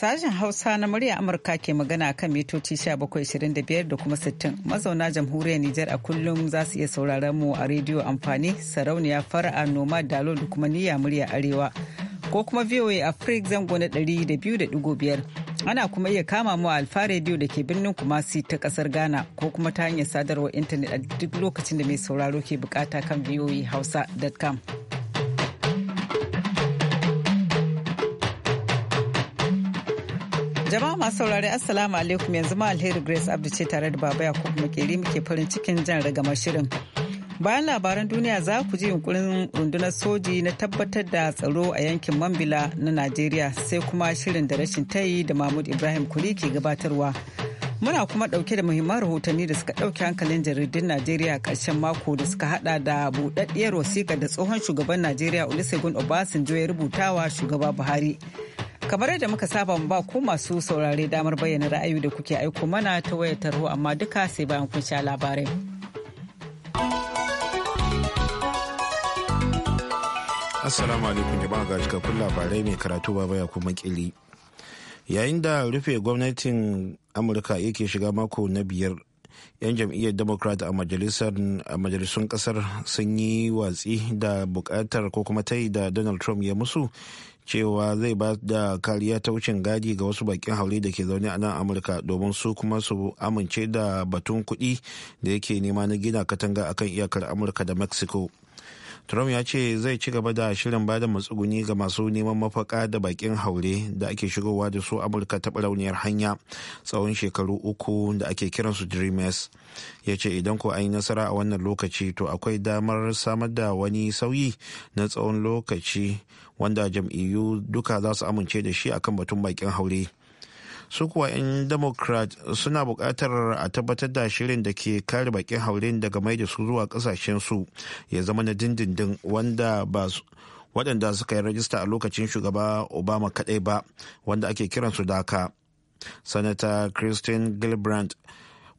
Sashen Hausa na murya Amurka ke magana kan mitoci 1725 da kuma 60. Mazauna jamhuriyar Nijar a kullum za su iya sauraron mu a rediyo amfani sarauniya fara'a noma dalo da kuma niyya murya arewa. Ko kuma VOA Africa zango na 200.5. Ana kuma iya kama mu a alfa rediyo da ke birnin Kumasi ta kasar Ghana ko kuma ta hanyar sadarwar intanet a duk lokacin da mai sauraro ke bukata kan voahausa.com. Jama'a masu saurari Assalamu alaikum yanzu ma alheri Grace Abdu ce tare da Baba yakub Makeri muke farin cikin jan ragamar shirin. Bayan labaran duniya za ku ji yunkurin rundunar soji na tabbatar da tsaro a yankin Mambila na Najeriya sai kuma shirin da rashin tayi da Mahmud Ibrahim Kuri ke gabatarwa. Muna kuma ɗauke da muhimman rahotanni da suka ɗauke hankalin jaridun Najeriya ƙarshen mako da suka haɗa da buɗaɗɗiyar wasiƙa da tsohon shugaban Najeriya Olusegun Obasanjo ya rubutawa shugaba Buhari. kamar yadda muka saba mu ba ku masu saurare damar bayyana ra'ayi da kuke aiko mana ta wayar tarho amma duka sai bayan kun sha labarai assalamu alaikum jama'a ga cikakkun labarai mai karatu ba ya kuma kili yayin da rufe gwamnatin amurka yake shiga mako na biyar 'yan jam'iyyar democrat a majalisun kasar sun yi watsi da bukatar ko kuma ta yi da donald trump ya musu cewa zai ba da kariya ta wucin gadi ga wasu bakin hauri da ke zaune a nan amurka domin su kuma su amince da batun kuɗi da yake nema na gina katanga akan iyakar amurka da mexico trump ya ce zai ci gaba da shirin bada matsuguni ga masu neman mafaka da bakin haure da ake shigowa da su amurka ta barauniyar hanya tsawon shekaru uku da ake kiransu dreamers ya ce idan ko an yi nasara a wannan lokaci to akwai damar samar da wani sauyi na tsawon lokaci wanda jam'iyyu duka za su amince da shi akan batun bakin haure su kuwa 'yan democrat suna buƙatar a tabbatar da shirin da ke kare bakin haurin daga mai da su zuwa su ya zama na dindindin wanda ba su waɗanda suka yi rajista a lokacin shugaba obama kaɗai ba wanda ake kiransu daka sanata christine gillibrand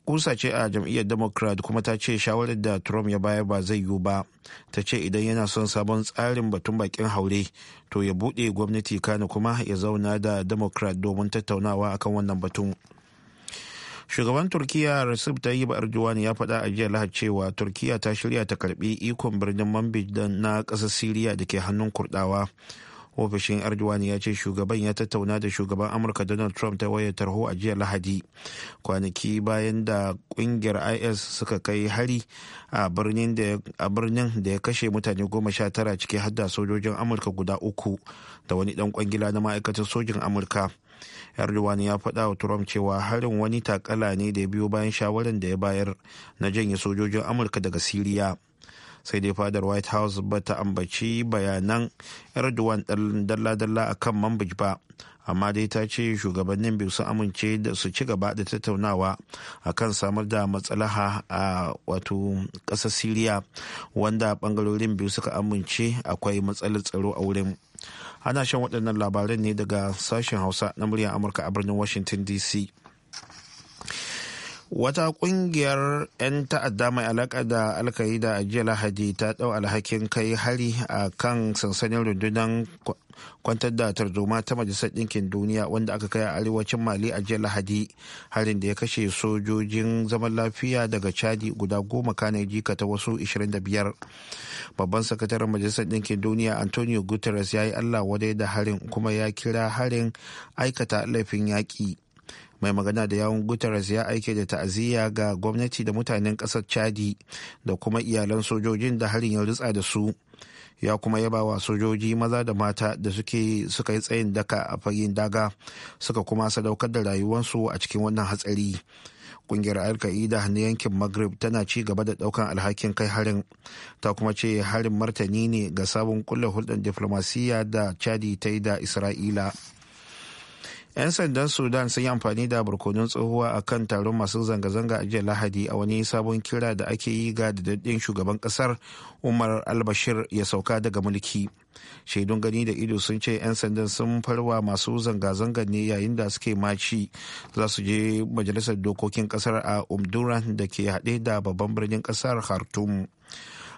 kusa ce a jam'iyyar democrat kuma ta ce shawarar da trump ya bayar ba zai yiwu ba ta ce idan yana son sabon tsarin batun bakin haure to ya bude gwamnati kana kuma ya zauna da democrat domin tattaunawa akan wannan batun shugaban turkiya recep tayyip erdogan ya faɗa a jiya lahar cewa turkiya ta shirya ta karbi ikon birnin manbij na ƙasar siriya da ke hannun kurdawa ofishin erdogan ya ce shugaban ya tattauna da shugaban amurka donald trump ta wayar tarho a jiya lahadi kwanaki bayan da kungiyar is suka kai hari a birnin da ya kashe mutane goma sha tara ciki hadda sojojin amurka guda uku da wani dan kwangila na ma'aikatar sojin amurka erdogan ya faɗa wa trump cewa harin wani takala ne da ya biyo bayan shawaran da ya bayar na janye sojojin amurka daga siriya sai dai fadar white house ba ta ambaci bayanan erdogan dalla-dalla a kan mambaj ba amma dai ta ce shugabannin biyu sun amince da su ci gaba da tattaunawa a kan samar da matsalaha a wato ƙasar siriya wanda bangarorin biyu suka amince akwai matsalar tsaro a wurin ana shan waɗannan labaran ne daga sashen hausa na muryar amurka a birnin washington dc wata kungiyar 'yan ta'adda mai alaka da alkaida a jiya lahadi ta ɗau alhakin kai hari a kan sansanin rundunar kwantar da tarzoma ta majalisar ɗinkin duniya wanda aka kai a arewacin mali a jiya lahadi harin da ya kashe sojojin zaman lafiya daga chadi guda goma kane jika ta wasu 25 babban sakataren majalisar ɗinkin duniya antonio guterres ya yi allah wadai da harin kuma ya kira harin aikata laifin yaƙi mai magana da yawun guterres ya aike da ta'aziyya ga gwamnati da mutanen kasar chadi da kuma iyalan sojojin da harin ya rutsa da su ya kuma yaba wa sojoji maza da mata da suke suka yi tsayin daka a fagen daga suka kuma sadaukar da rayuwarsu a cikin wannan hatsari kungiyar alka'ida na yankin maghrib tana ci gaba da daukan alhakin kai harin ta kuma ce harin martani ne ga sabon kulle hulɗar diflomasiyya da chadi ta yi da isra'ila 'yan sandan sudan sun yi amfani da barkonon tsohuwa a kan taron masu zanga-zanga a jiya lahadi a wani sabon kira da ake yi ga daɗaɗɗen shugaban kasar umar albashir ya sauka daga mulki shaidun gani da ido sun ce 'yan sandan sun farwa masu zanga-zanga ne yayin da suke maci za su je majalisar dokokin kasar a umduran da ke haɗe da babban birnin kasar khartoum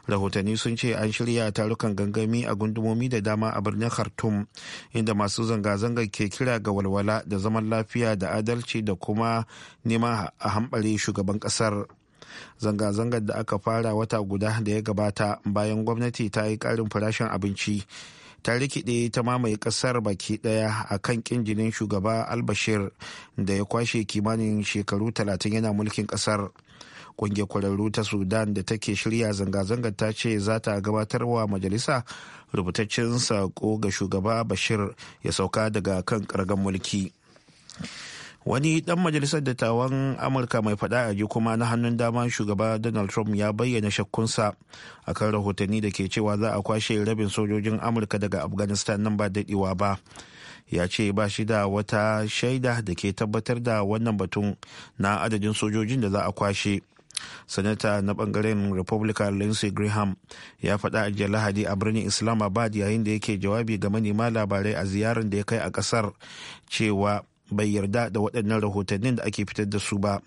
rahotanni sun ce an shirya tarukan gangami a gundumomi da dama a birnin khartoum inda masu zanga-zanga ke kira ga walwala da zaman lafiya da adalci da kuma nema a hambare shugaban kasar zanga-zangar da aka fara wata guda da ya gabata bayan gwamnati ta yi karin farashin abinci ta rikide ta mamaye kasar baki daya a kan kin shugaba albashir da ya kwashe kimanin shekaru 30 yana mulkin kasar kungiyar kwararru ta sudan da take shirya zanga-zangar ta ce za ta gabatar wa majalisa rubutaccen sako ga shugaba bashir ya sauka daga kan kargan mulki wani dan majalisar dattawan amurka mai fada a kuma na hannun dama shugaba donald trump ya bayyana shakkunsa akan rahotanni da ke cewa za a kwashe rabin sojojin amurka daga afghanistan nan ba daɗewa ba ya ce ba shi da wata shaida da ke tabbatar da wannan batun na adadin sojojin da za a kwashe sanata na bangaren republican lindsey graham ya faɗa a lahadi a birnin islamabad yayin da yake jawabi ga manema labarai a ziyarar da ya kai a ƙasar cewa bai yarda da waɗannan rahotannin da ake fitar da su ba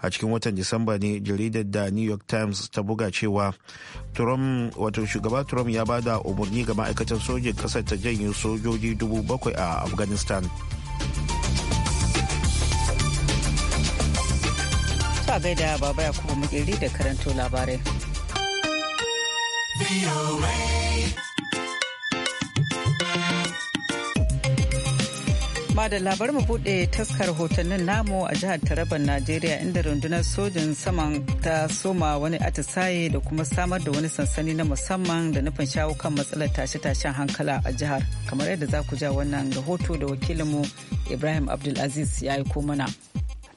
a cikin watan disamba ne jaridar da new york times ta buga cewa trump wato shugaba trump ya bada umarni ga ma'aikatan sojin ƙasar ta janyo sojoji dubu bakwai a afghanistan bai gaida baba yakubu kuma mukeri da karanto labarai. ba da labar mu bude taskar hotunan namu a jihar taraban najeriya inda rundunar sojin saman ta soma wani atisaye da kuma samar da wani sansani na musamman da nufin shawo kan matsalar tashe-tashen hankala a jihar kamar yadda za ku ja wannan rahoto da wakilinmu ibrahim abdulaziz ya aiko mana.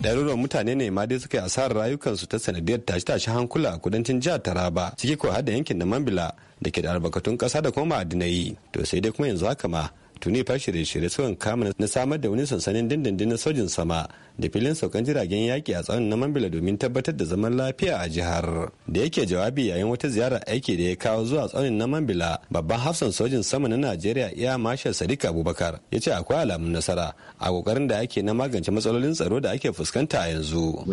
ɗaruruwan mutane ne ma dai suka yi asarar rayukansu ta sanadiyar tashe tashi hankula a kudancin jihar taraba ciki ko har da yankin da mambila da ke da albarkatun ƙasa da kuma ma'adinai to sai dai kuma yanzu haka ma tuni fashi da shirye sukan kama na samar da wani sansanin dindindin na sojin sama da filin saukan jiragen yaki a tsawon na mambila domin tabbatar da zaman lafiya a jihar da yake jawabi yayin wata ziyara aiki da ya kawo zuwa tsaunin na mambila babban hafsan sojin sama na najeriya iya mashal sadiq abubakar ya ce akwai alamun nasara a kokarin da ake na magance matsalolin tsaro da ake fuskanta a yanzu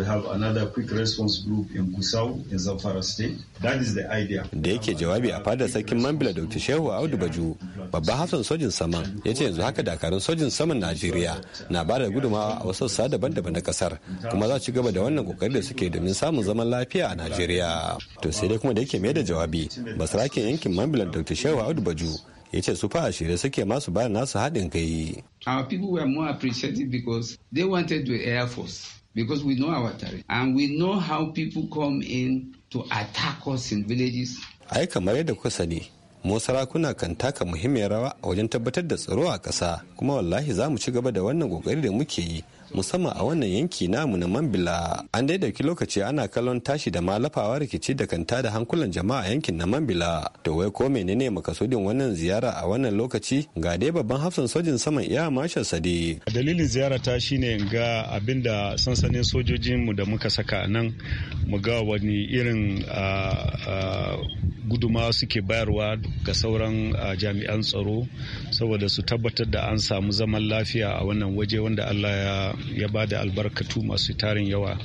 da yake jawabi a fadar sarkin mambila dr shehu audu baju babban hafsan sojin sama. ya ce yanzu haka dakarun sojin saman najeriya na ba da gudumawa a wasu sassa daban-daban na kasar kuma za ci gaba da wannan kokari da suke domin samun zaman lafiya a najeriya to sai dai kuma da yake mai da jawabi basarakin yankin mambilan dr shehu audu baju ya ce su fa shirye suke masu ba nasu haɗin kai our people were more appreciative because they wanted the air force because we know our terrain and we know how people come in to attack us in villages ai kamar yadda kuka sani mu sarakuna kan taka muhimmiyar rawa wajen tabbatar da tsaro a ƙasa kuma wallahi za mu ci gaba da wannan ƙoƙari da muke yi musamman a wannan yanki namu na mambila an dai dauki lokaci ana kallon tashi da malafawa rikici da kanta da hankulan jama'a yankin na mambila to wai ko menene makasudin wannan ziyara a wannan lokaci ga dai babban hafsan sojin saman iya marshal sade dalilin ziyara ta shine ga abinda sansanin sojojin mu da muka saka nan mu ga wani irin ah, ah, guduma suke bayarwa ga sauran jami'an tsaro saboda su tabbatar da an samu zaman lafiya a wannan waje wanda allah ya ba da albarkatu masu tarin yawa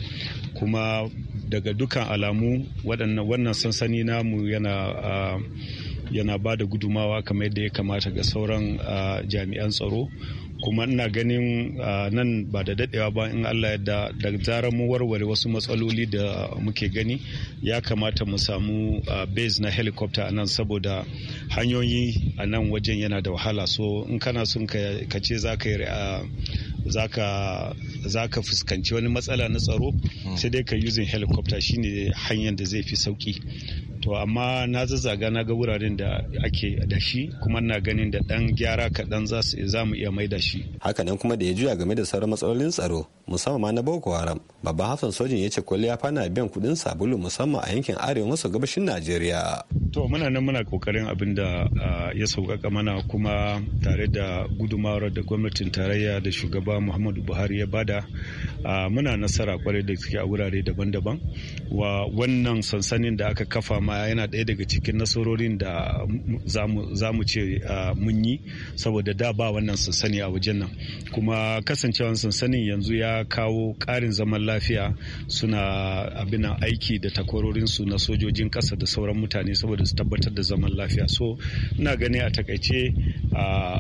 kuma daga dukkan alamu wannan sansani namu yana yana ba da gudumawa kamar yadda ya kamata ga sauran jami'an tsaro kuma ina ganin nan ba da dadewa ba in allah yadda da zarar mu warware wasu matsaloli da muke gani ya kamata mu samu base na helicopter a nan saboda hanyoyi a nan wajen yana da wahala so in kana son ka ce za ka yi fuskanci wani matsala na tsaro hmm. sai dai ka using helicopter shine hanyar da zai fi sauki to amma na zazzaga na ga wuraren da ake da shi kuma na ganin da dan gyara kaɗan za mu iya mai da shi nan kuma da ya juya game da sauran matsalolin tsaro musamman ma na boko haram babban hafsan sojin ya ce kwalliya fana biyan kuɗin sabulu musamman a yankin arewa maso gabashin najeriya to muna nan muna kokarin abin da ya sauƙaƙa mana kuma tare da gudumawar da gwamnatin tarayya da shugaba muhammadu buhari ya bada muna nasara kwarai da suke a wurare daban-daban wa wannan sansanin da aka kafa ma yana ɗaya daga cikin nasarorin da za mu ce mun yi saboda da ba wannan sansani a wajen nan kuma kasancewan sansanin yanzu ya kawo ƙarin zaman lafiya suna abin aiki da takwarorinsu na sojojin ƙasa da sauran mutane saboda su tabbatar da zaman lafiya so ina gani a takaice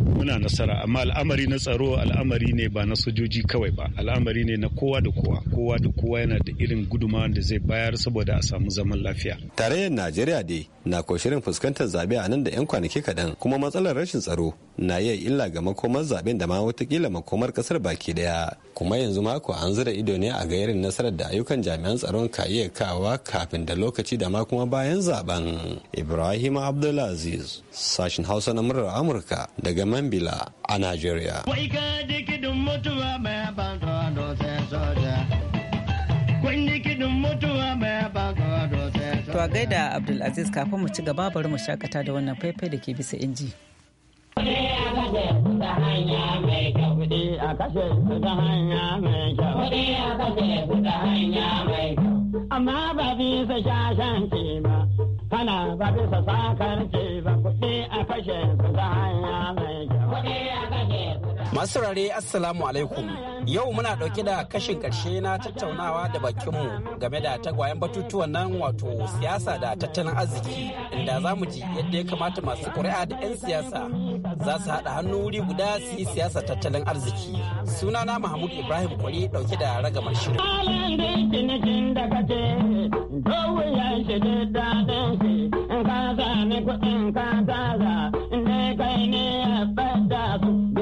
muna nasara amma al'amari na tsaro al'amari ne ba na sojoji kawai ba al'amari ne na kowa da kowa kowa da kowa yana da irin guduma da zai bayar saboda a samu zaman lafiya tarayyar najeriya dai na ko shirin fuskantar zabe a nan da 'yan kwanaki kaɗan kuma matsalar rashin tsaro na iya illa ga makomar zaben da ma watakila makomar kasar baki daya kuma yanzu mako an zura ido ne a ga irin nasarar da ayyukan jami'an tsaron ka iya kawa kafin da lokaci da ma kuma bayan zaben ibrahim abdulaziz sashin hausa na murar amurka daga mambila a nigeria mutuwa To a gaida Abdulaziz kafin mu ci gaba bari mu shakata da wannan faifai da ke bisa inji. mai kyau. mai kyau. Amma ba bisa shashan ce ba, kana ba bisa sakar ce ba. Kuɗi a kashe ta hanya mai kyau. Masu rare Assalamu alaikum. Yau muna ɗauke da kashin ƙarshe na tattaunawa da bakinmu game da tagwayen batutuwan nan wato siyasa da tattalin arziki inda za mu ji yadda ya kamata masu ƙuri'a da 'yan siyasa za su haɗa hannu wuri guda su yi siyasa tattalin arziki. Sunana Mahmud Ibrahim Kwari ɗauke da ragamar shirin. Ka kuɗin ka ne kai ne ya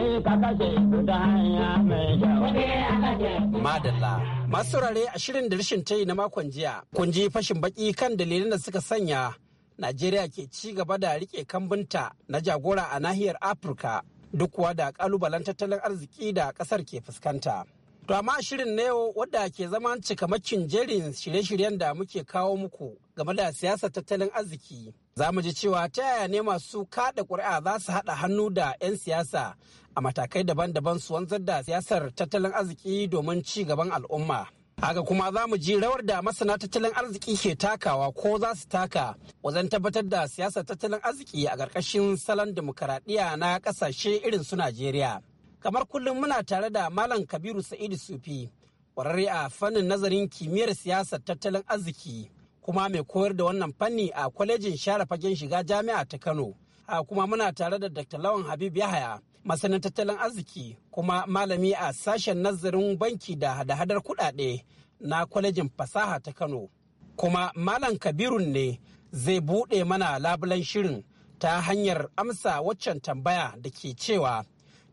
Madalla. Masu saurare a shirin da rashin tayi na makon jiya, kun ji fashin baki kan dalilan da suka sanya Najeriya ke ci gaba da rike kambunta na jagora a nahiyar Afirka duk kuwa da kalubalen tattalin arziki da kasar ke fuskanta. To amma shirin na yau wadda ke zama cikamakin jerin shirye-shiryen da muke kawo muku game da siyasar tattalin arziki Za mu ji cewa ta yaya ne masu kada ƙuri'a za su haɗa hannu da 'yan siyasa a matakai daban-daban su wanzar da siyasar tattalin arziki domin ci gaban al'umma. Haka kuma za mu ji rawar da masana tattalin arziki ke takawa ko za su taka wajen tabbatar da siyasar tattalin arziki a ƙarƙashin salon dimokuraɗiyya na ƙasashe irin su Najeriya. Kamar kullum muna tare da Malam Kabiru Sa'idu Sufi, ƙwararre a fannin nazarin kimiyyar siyasar tattalin arziki. kuma mai koyar da wannan fanni a kwalejin share fagen shiga jami'a ta kano a kuma muna tare da dr lawan habib yahaya masanin tattalin arziki kuma malami a sashen nazarin banki da hada-hadar kuɗaɗe na kwalejin fasaha ta kano kuma malam kabiru ne zai buɗe mana labulan shirin ta hanyar amsa waccan tambaya da ke cewa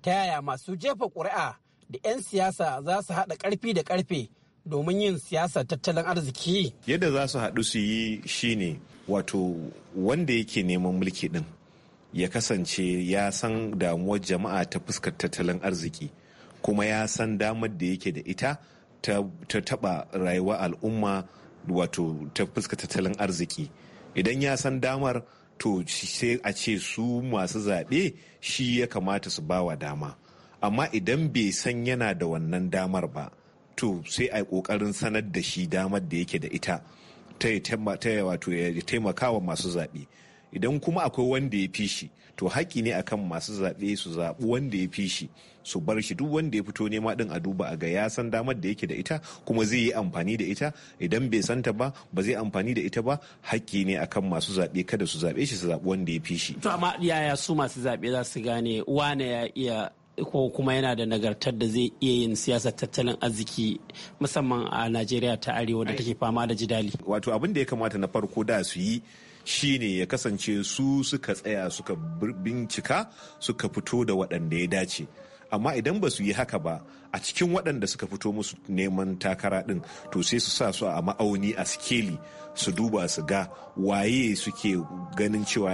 ta yaya masu jefa ƙuri'a da 'yan siyasa za su haɗa ƙarfi da ƙarfe domin yin siyasar tattalin arziki yadda za su haɗu su yi shi ne wato wanda yake neman mulki ɗin ya kasance ya san damuwar jama'a ta fuskar tattalin arziki kuma ya san damar da yake da ita ta taɓa rayuwar al'umma wato ta fuskar tattalin arziki idan ya san damar to sai a ce su masu zaɓe shi ya kamata su bawa dama amma idan bai san yana da wannan damar ba to sai a yi sanar da shi damar da yake da ita ta taimaka wa masu zaɓe idan kuma akwai wanda ya fi shi to haƙƙi ne akan masu zaɓe su zaɓi wanda ya fi shi su bar shi duk wanda ya fito nema ɗin a duba a ga ya san damar da yake da ita kuma zai yi amfani da ita idan bai santa ba ba zai amfani da ita ba haƙƙi ne akan masu zaɓe kada su zaɓe shi su zaɓi wanda ya fi shi. to amma yaya su masu zaɓe za su gane wane ya iya ko kuma yana da nagartar da zai iya yin siyasar tattalin arziki musamman a najeriya ta arewa da take fama da jidali wato abin da ya kamata na farko da su yi shi ne ya kasance su suka tsaya suka bincika suka fito da waɗanda ya dace amma idan ba su yi haka ba a cikin waɗanda suka fito musu neman takara ɗin to sai su sa su a ma'auni a sikeli su duba su ga waye suke ganin cewa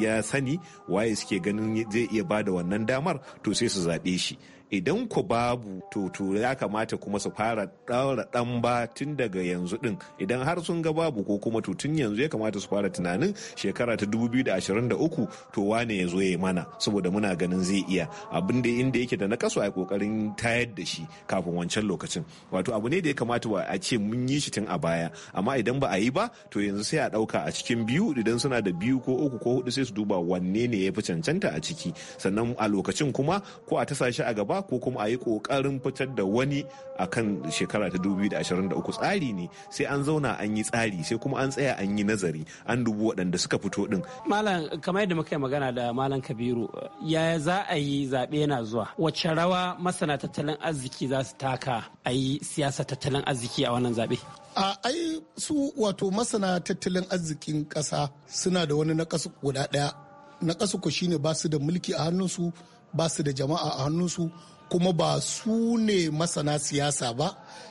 ya sani waye suke ganin zai iya bada wannan damar to sai su zaɓe shi idan ku babu to ya kamata kuma su fara daura ɗan ba tun daga yanzu din idan har sun ga babu ko kuma to yanzu ya kamata su fara tunanin shekara ta 2023 to wane ya zo ya mana saboda muna ganin zai iya abin da inda yake da na kaso a kokarin tayar da shi kafin wancan lokacin wato abu ne da ya kamata ba a ce mun yi shi tun a baya amma idan ba a yi ba to yanzu sai a dauka a cikin biyu idan suna da biyu ko uku ko hudu sai su duba wanne ne ya fi cancanta a ciki sannan a lokacin kuma ko a tasa shi a gaba ko kuma a yi kokarin fitar da wani a kan shekara ta 2023 tsari ne sai an zauna an yi tsari sai kuma an tsaya an yi nazari an dubu waɗanda suka fito din malam kamar yadda muka yi magana da malam kabiru ya za a yi zaɓe yana zuwa wacce rawa masana tattalin arziki za su taka a yi siyasa tattalin arziki a wannan zaɓe a ai su wato masana tattalin arzikin ƙasa suna da wani na guda ɗaya na ƙasa ku shine ba su da mulki a hannunsu ba su da jama'a a hannunsu kuma ba su ne masana siyasa ba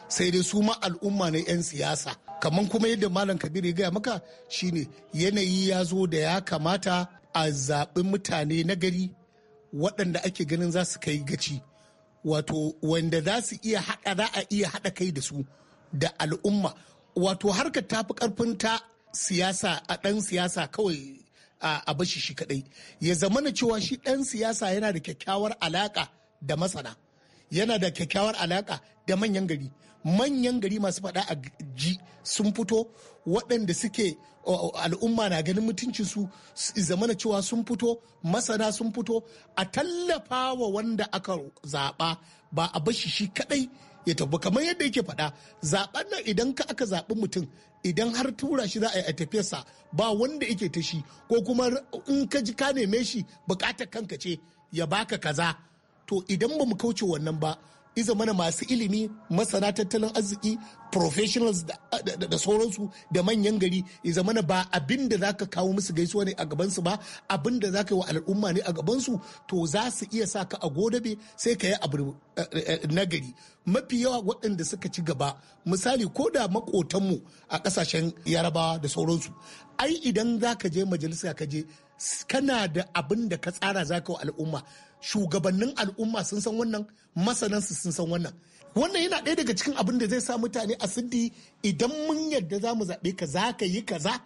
sai dai su ma al'umma ne 'yan siyasa kamar kuma yadda malam kabir ya gaya maka shine yanayi ya zo da ya kamata a zaɓi mutane na gari waɗanda ake ganin za su kai gaci wato wanda za su iya haɗa za a iya haɗa kai da su da al'umma wato harkar tafi ƙarfin ta siyasa a ɗan siyasa kawai a bashi shi kadai ya zama na cewa shi dan siyasa yana da kyakkyawar alaka da masana yana da kyakkyawar alaka da manyan gari manyan gari masu fada a ji sun fito waɗanda suke al'umma na ganin mutuncinsu zamana cewa sun fito masana sun fito a tallafa wa wanda aka zaɓa ba a bashi shi kadai. ya tabbu kamar yadda yake faɗa zaɓen nan idan ka aka zaɓi mutum idan har tura shi za a yi a tafiyarsa ba wanda yake ta shi ko kuma in ka ji ka neme shi bukatar kanka ce ya baka kaza to idan ba mu kauce wannan ba iza mana masu ilimi masana tattalin arziki professionals da sauransu da manyan gari iza mana ba abin da za ka kawo musu gaisuwa ne a gabansu ba abin da za ka yi wa al'umma ne a gabansu to za su iya sa ka a godabe sai ka yi abu eh, eh, eh, nagari mafi yawa waɗanda suka ci gaba misali ko da makotanmu a ƙasashen yarabawa da sauransu ai idan za ka je majalisa ka je kana da abin da ka tsara za ka wa al'umma shugabannin al'umma sun san wannan masanan su sun san wannan wannan yana ɗaya daga cikin abin da zai sa mutane a siddi idan mun yarda za mu zaɓe ka za ka yi kaza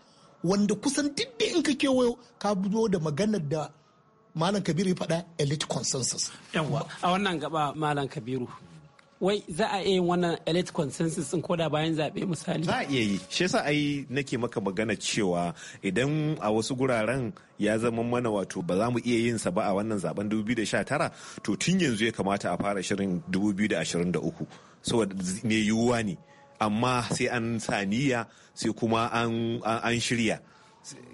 wanda kusan duk da in ka kewayo ka zo da maganar da malam kabiru ya faɗa elite consensus yawa a wannan gaba malam kabiru wai za a iya yin wannan elite consensus in koda bayan zaɓe misali za a iya yi shi yasa ai nake maka magana cewa idan a wasu guraren ya zama mana wato ba za mu iya yin sa ba a wannan zaben 2019 to tun yanzu ya kamata a fara shirin 2023 saboda me yiwuwa ne amma sai an saniya sai kuma an shirya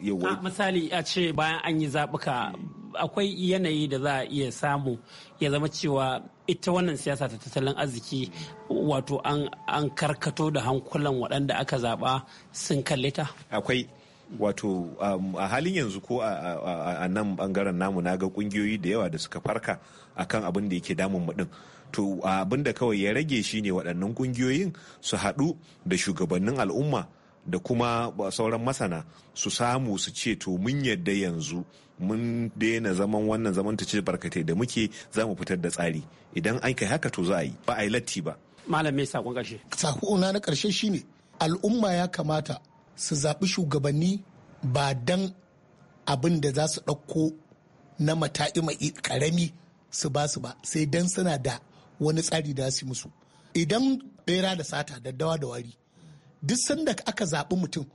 yawa ah, misali a ce bayan an yi zaɓuka akwai yanayi da za a iya samu ya zama cewa ita wannan siyasa ta tattalin arziki wato an karkato da hankulan waɗanda aka zaɓa sun kalle ta akwai wato um, a halin yanzu ko a nan bangaren namu na ga kungiyoyi da yawa da suka farka akan abin da yake damun mu to abin da kawai ya rage shine waɗannan kungiyoyin su haɗu da shugabannin al'umma da kuma sauran masana su samu su ce to mun yadda yanzu mun daina zaman wannan zaman ta ce barkatai da muke za mu fitar da tsari idan an kai haka to za a yi ba a yi latti ba malam me sakon karshe sakona na karshe shine al'umma ya kamata su zaɓi shugabanni ba dan abin da za su ɗauko na mata'i mai karami su ba su ba sai dan suna da wani tsari da su musu idan bera da sata daddawa da wari duk sanda aka zaɓi mutum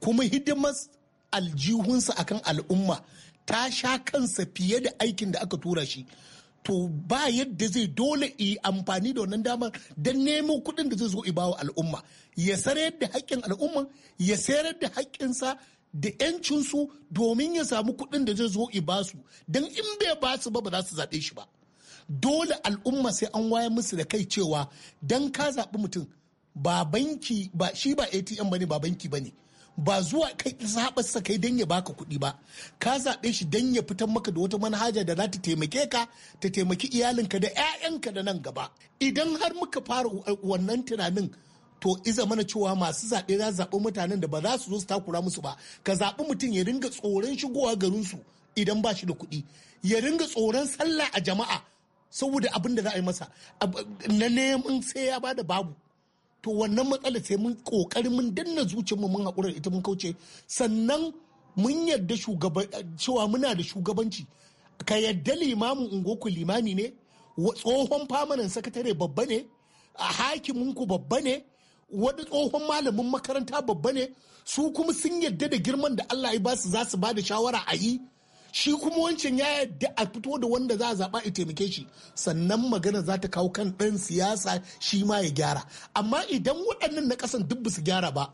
kuma hidimar aljihunsa akan al'umma ta sha kansa fiye da aikin da aka tura shi to ba yadda zai dole yi amfani da wannan damar don nemo kuɗin da zai zo bawa al'umma ya sayar da haƙƙin al'umma ya sayar da haƙƙinsa da 'yancinsu domin ya samu kuɗin da zai zo ba su. don in bai ba su ba ba za su zaɓe shi ba dole al'umma sai an waya musu da kai cewa don ka zaɓi mutum ba banki ba shi ba atm bane ba banki bane ba zuwa kai sa kai don ya baka kuɗi ba ka zaɓe shi don ya fitar maka da wata manhaja da za ta taimake ka ta taimaki iyalinka da 'ya'yanka da nan gaba idan har muka fara wannan tunanin to iza mana cewa masu zaɓe za zaɓi mutanen da ba za su zo su takura musu ba ka zaɓi mutum ya ringa tsoron shigowa garinsu idan ba shi da kuɗi ya ringa tsoron sallah a jama'a saboda abin da za a yi masa na neman sai ya bada babu to wannan matsala sai mun kokari mun danna zuciyarmu mun haƙura ita mun kauce sannan mun yarda cewa muna da shugabanci ka yarda limamin ungoku limami ne tsohon famanan sakatare babba ne a hakiminku babba ne wani tsohon malamin makaranta babba ne su kuma sun yarda da girman da Allah ya ba su za su ba da shawara a yi shi kuma wancan ya yadda a fito da wanda za a zaɓa a taimake shi sannan magana za ta kawo kan ɗan siyasa shi ma ya gyara amma idan waɗannan na ƙasan duk su gyara ba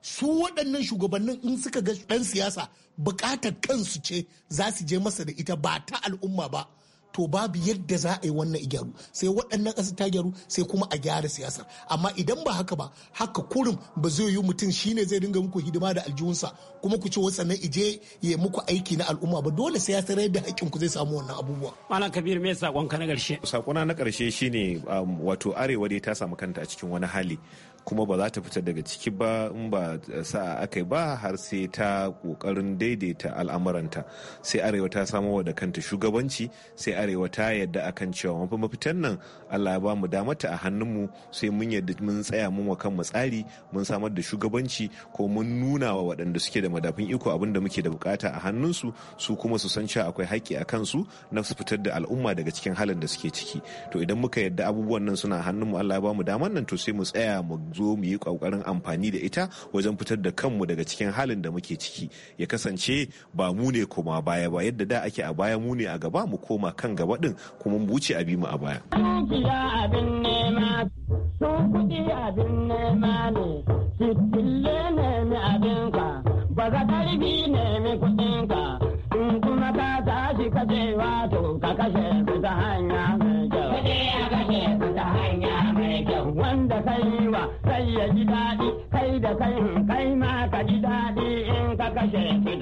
su waɗannan shugabannin in suka ga ɗan siyasa buƙatar kansu ce za su je masa da ita ba ta al'umma ba to babu yadda za a yi wannan gyaru sai waɗannan ƙasar ta gyaru sai kuma a gyara siyasar amma idan ba haka ba haka kurum ba zai yi mutum shine zai dinga muku hidima da aljihunsa kuma ku ce wasu nan ije ya muku aiki na al'umma ba dole sai ya sanar da haƙƙin ku zai samu wannan abubuwa malam kabir me sakon ka na ƙarshe sakona na ƙarshe shine um, wato arewa dai ta samu kanta a cikin wani hali kuma ba za ta fita daga ciki ba in ba sa aka yi ba har sai ta kokarin daidaita al'amuranta sai arewa ta samo da kanta shugabanci sai arewa ta yadda akan cewa mafi mafitan nan allah ya ba mu damata a hannunmu sai mun yadda mun tsaya mun wa kanmu tsari mun samar da shugabanci ko mun nuna wa waɗanda suke da madafin iko abin da muke da bukata a hannunsu su kuma su san cewa akwai haƙƙi a kansu na su fitar da al'umma daga cikin halin da suke ciki to idan muka yadda abubuwan nan suna hannunmu allah ya ba mu daman nan to sai mu tsaya mu zo mu yi ƙoƙarin amfani da ita wajen fitar da kanmu daga cikin halin da muke ciki ya kasance ba mu ne koma baya ba yadda da ake a baya mu ne a gaba mu koma kan gaba din kuma mu wuce a bi mu a baya. Ba ka ka wato ka kashe ta hanya mai kyau. Kuɗi a kashe ta hanya mai wanda ji daɗi in ka kashe shi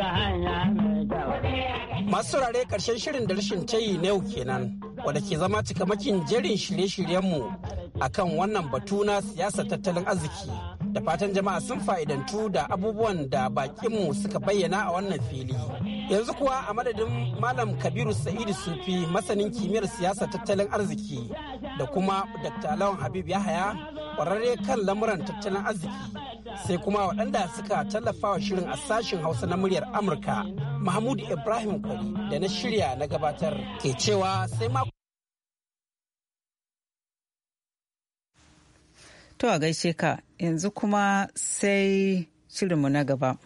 Masu saurare ƙarshen shirin da rashin tayi na yau kenan wadda ke zama cikamakin jerin shirye-shiryenmu akan wannan batu na siyasa tattalin arziki. Da fatan jama'a sun fa'idantu da abubuwan da bakinmu suka bayyana a wannan fili. Yanzu kuwa a madadin Malam Kabiru Sa'idu Sufi masanin kimiyyar siyasa tattalin arziki da kuma Dr. Lawan Habib Yahaya kwararre kan lamuran tattalin arziki sai kuma waɗanda suka tallafa wa shirin a sashen Hausa na muryar Amurka Mahmud Ibrahim Kwari da na shirya na gabatar ke cewa sai ma To a gaishe ka yanzu kuma sai shirinmu na gaba.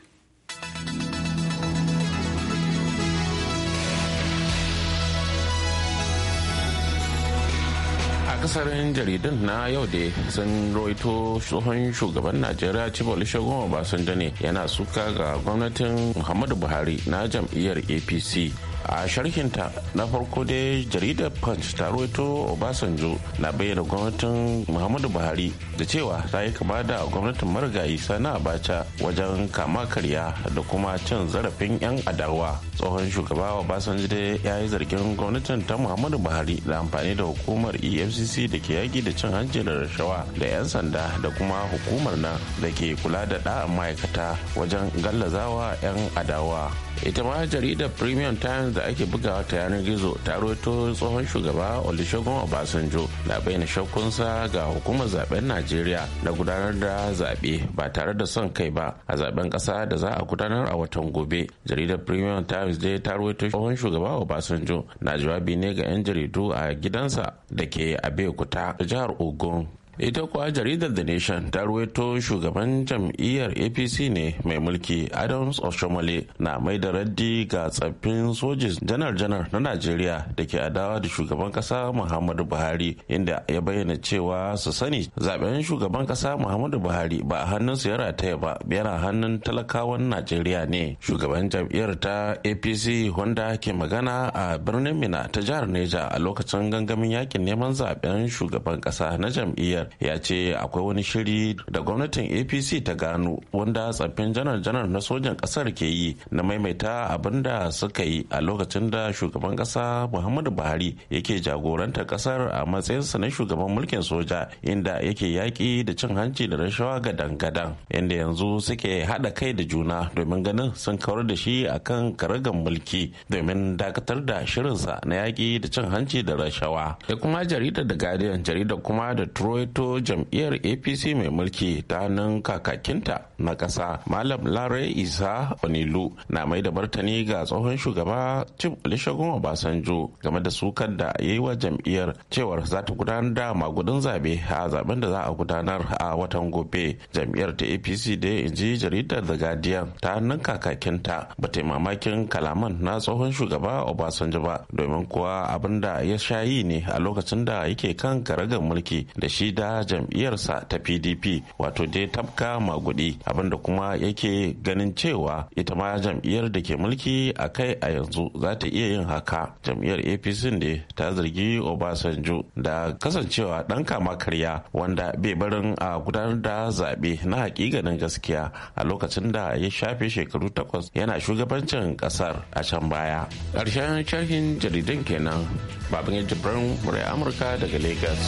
kasar jaridun na yau da sun roito tsohon shugaban najeriya ciboli shagon obasanjo ne yana suka ga gwamnatin muhammadu buhari na jam'iyyar apc a sharhinta na farko dai jaridar punch ta ruwaito obasanjo na bayyana gwamnatin muhammadu buhari da cewa ta yi kama da gwamnatin marigayi sana abacha wajen kama karya da kuma cin zarafin 'yan adawa tsohon shugaba obasanjo dai ya yi zargin gwamnatin ta muhammadu buhari da amfani da hukumar efcc da ke yaki da cin hanci da rashawa da 'yan sanda da kuma hukumar nan da ke kula da ɗa'a ma'aikata wajen gallazawa 'yan adawa ita ma jaridar premium times da ake bugawa ta yanar gizo ta roto tsohon shugaba olusegun obasanjo na bayyana shakkunsa ga hukumar zaben najeriya na gudanar da zaɓe ba tare da son kai ba a zaben ƙasa da za a gudanar a watan gobe jaridar premium times dai ta roto tsohon shugaba obasanjo na jawabi ne ga 'yan jaridu a gidansa da ke abeokuta jihar ogun ita kuwa jaridar the nation ta ruwaito shugaban jam'iyyar apc ne mai mulki adams shomale na mai da raddi ga tsaffin sojis janar-janar na najeriya da ke adawa da shugaban kasa muhammadu buhari inda ya bayyana cewa su sani zaben shugaban kasa muhammadu buhari ba a hannun su ya rataya ba yana hannun talakawan najeriya ne shugaban jam'iyyar ta apc wanda ke magana a birnin mina ta jihar neja a lokacin gangamin yakin neman zaben shugaban kasa na jam'iyyar ya ce akwai wani shiri da gwamnatin apc ta gano wanda tsaffin janar-janar na sojan kasar ke yi na maimaita abin da suka yi a lokacin da shugaban kasa muhammadu buhari yake jagorantar kasar a matsayinsa na shugaban mulkin soja inda yake yaƙi da cin hanci da rashawa ga dangadan inda yanzu suke haɗa kai da juna domin ganin sun kawar da shi akan karagan mulki domin dakatar da shirinsa na yaƙi da cin hanci da rashawa da kuma jaridar da guardian jaridar kuma da troy fito jam'iyyar apc mai mulki ta hannun kakakinta na ƙasa malam larai isa onilu na mai da martani ga tsohon shugaba chief olusegun obasanjo game da sukar da ya yi wa jam'iyyar cewar za ta gudanar da magudin zabe a zaben da za a gudanar a watan gobe jam'iyyar ta apc da in ji jaridar da guardian ta hannun kakakinta ba ta mamakin kalaman na tsohon shugaba obasanjo ba domin kuwa abin da ya sha yi ne a lokacin da yake kan karagar mulki da shi da jam'iyyarsa ta pdp wato dai tabka magudi abinda kuma yake ganin cewa ita ma jam'iyyar da ke mulki a kai a yanzu za ta iya yin haka jam'iyyar apc ne ta zargi obasanjo da kasancewa dan kama karya wanda bai barin a gudanar da zaɓe na hakikanin gaskiya a lokacin da ya shafe shekaru takwas yana shugabancin ƙasar a can baya ƙarshen sharhin jaridan kenan babin jibrin murai amurka daga lagos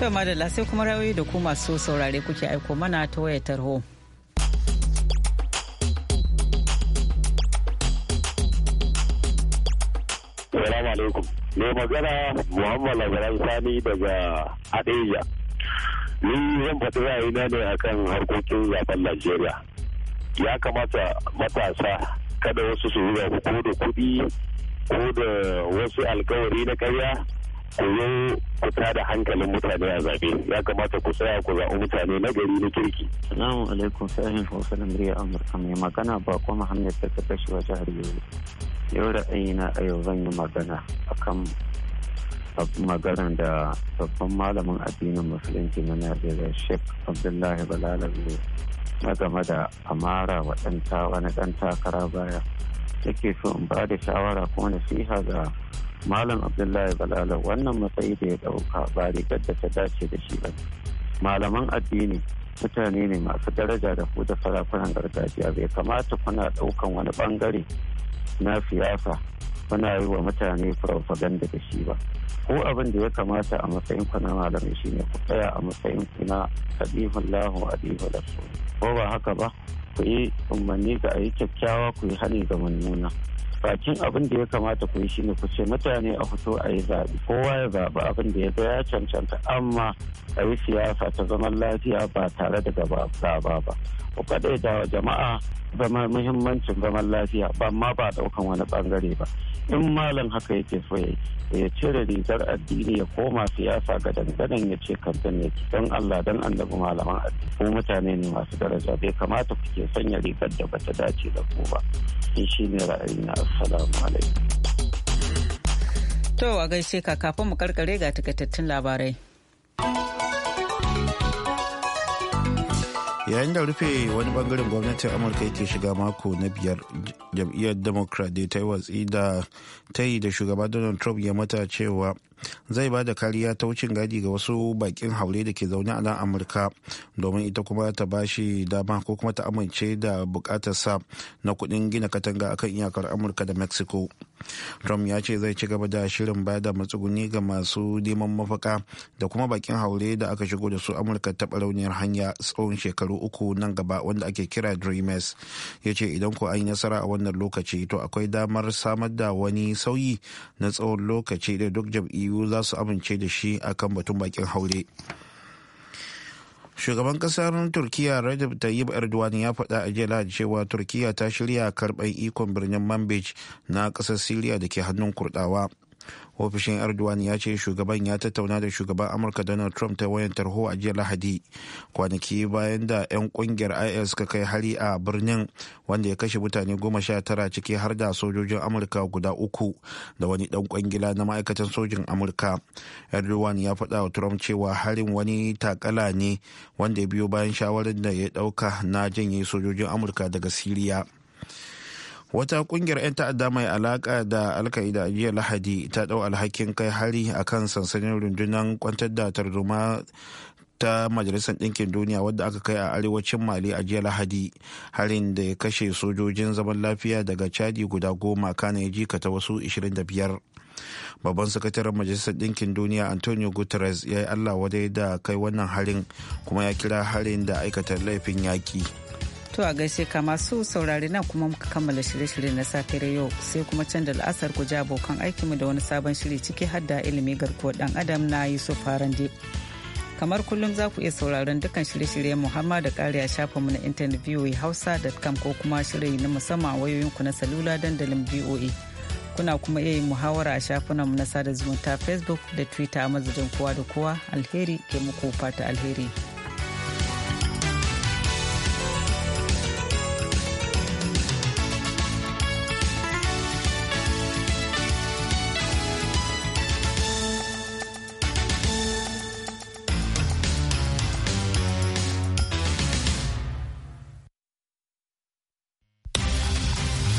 To madalla sai kuma rayoyi da ku masu saurare kuke aiko mana ta wayar tarho. Salamu magana Muhammad Labaran Sani daga Adeja. Ni zan faɗi ra'ayina ne a kan harkokin zaben Najeriya. Ya kamata matasa kada wasu su zuwa ko da kuɗi ko da wasu alkawari na karya ku yi da da hankalin mutane a zaɓe ya kamata ku tsaya ku zaɓi mutane na gari na kirki. Salamu alaikum sahihin Hausa murya Amurka mai magana bako Muhammad da ta kashe wa jihar Yobe. Yau ra'ayina a yau zan yi magana akan maganar da babban malamin addinin musulunci na Najeriya Sheikh Abdullahi Balalabe na game da amara wa ɗan takara baya. Yake so in ba da shawara ko nasiha ga malam abdullahi balala wannan matsayi da ya dauka ba rigar da ta dace da shi ba malaman addini mutane ne masu daraja da kuda da sarakunan gargajiya bai kamata kuna daukan wani bangare na siyasa kuna yi wa mutane propaganda da shi ba ko abin da ya kamata a matsayin ku na malami shine ku tsaya a matsayin ku na sabihun lahu adihu ko ba haka ba ku yi umarni ga a yi kyakkyawa ku yi hani ga mummuna bakin abin da ya kamata ku yi shine ku ce mutane a fito a yi zaɓe kowa ya zaɓi abin da ya ga ya cancanta amma a yi siyasa ta zaman lafiya ba tare da gaba ba ku kaɗai da jama'a zama muhimmancin zaman lafiya ba ma ba ɗaukan wani ɓangare ba in malam haka yake so ya ya cire rigar addini ya koma siyasa ga dangadan ya ce kamfen ne don Allah don annabi malaman addini ko mutane ne masu daraja bai kamata kuke sanya rigar da bata dace da ku ba in shi ne ra'ayi na Assalamu alaikum. To a gaishe ka kafin mu karkare ga takaitattun labarai. yayin da rufe wani bangaren gwamnatin amurka yake shiga mako na biyar jam'iyyar democrat da ta yi watsi da ta yi da shugaba donald trump ya mata cewa zai ba da kariya ta wucin gadi ga wasu bakin haure da ke zaune a nan amurka domin ita kuma ta ba shi dama ko kuma ta amince da bukatarsa na kudin gina katanga akan iyakar amurka da mexico trump ya ce zai ci gaba da shirin ba da matsuguni ga masu neman mafaka da kuma bakin haure da aka shigo da su amurka ta barauniyar hanya tsawon shekaru uku nan gaba wanda ake kira dreamers ya ce idan ko an yi nasara a wannan lokaci to akwai damar samar da wani sauyi na tsawon lokaci da duk jam'iyyu biyu za su amince da shi a kan batun bakin haure shugaban kasar turkiyya rajab tayyip erdogan ya faɗa a jiya cewa turkiyya ta shirya karɓar ikon birnin manbij na ƙasar siriya da ke hannun kurdawa ofishin erdogan ya ce shugaban ya tattauna da shugaban amurka donald trump ta wayan tarho a jiya lahadi kwanaki bayan da 'yan kungiyar is suka kai hari a birnin wanda ya kashe mutane goma sha tara ciki har da sojojin amurka guda uku da wani dan kwangila na ma'aikatan sojin amurka erdogan ya faɗa wa trump cewa harin wani takala ne wanda ya biyo bayan shawarar da ya ɗauka na janye sojojin amurka daga siriya wata kungiyar 'yan ta'adda mai alaka da alkaida jiya lahadi ta dau alhakin kai hari a kan sansanin rundunar kwantar da tarzoma ta majalisar ɗinkin duniya wadda aka kai a arewacin mali a jiya lahadi harin da ya kashe sojojin zaman lafiya daga chadi guda goma kana ya jikata wasu 25 babban sakataren majalisar ɗinkin duniya antonio guterres ya yi allah wadai da kai wannan harin kuma ya kira harin da aikata laifin yaƙi To a gaishe ka masu saurare nan kuma muka kammala shirye-shirye na safiyar yau sai kuma can da la'asar ku ji abokan aikinmu da wani sabon shiri ciki har da ilimi garkuwar dan adam na Yusuf farande Kamar kullum za ku iya sauraron dukkan shirye-shiryen Muhammad da kare a shafinmu na intanet hausa.com ko kuma shirye na musamman wayoyin ku na salula dandalin VOA. Kuna kuma iya yin muhawara a shafinanmu na sada zumunta Facebook da Twitter a mazajin kowa da kowa alheri ke muku fata alheri.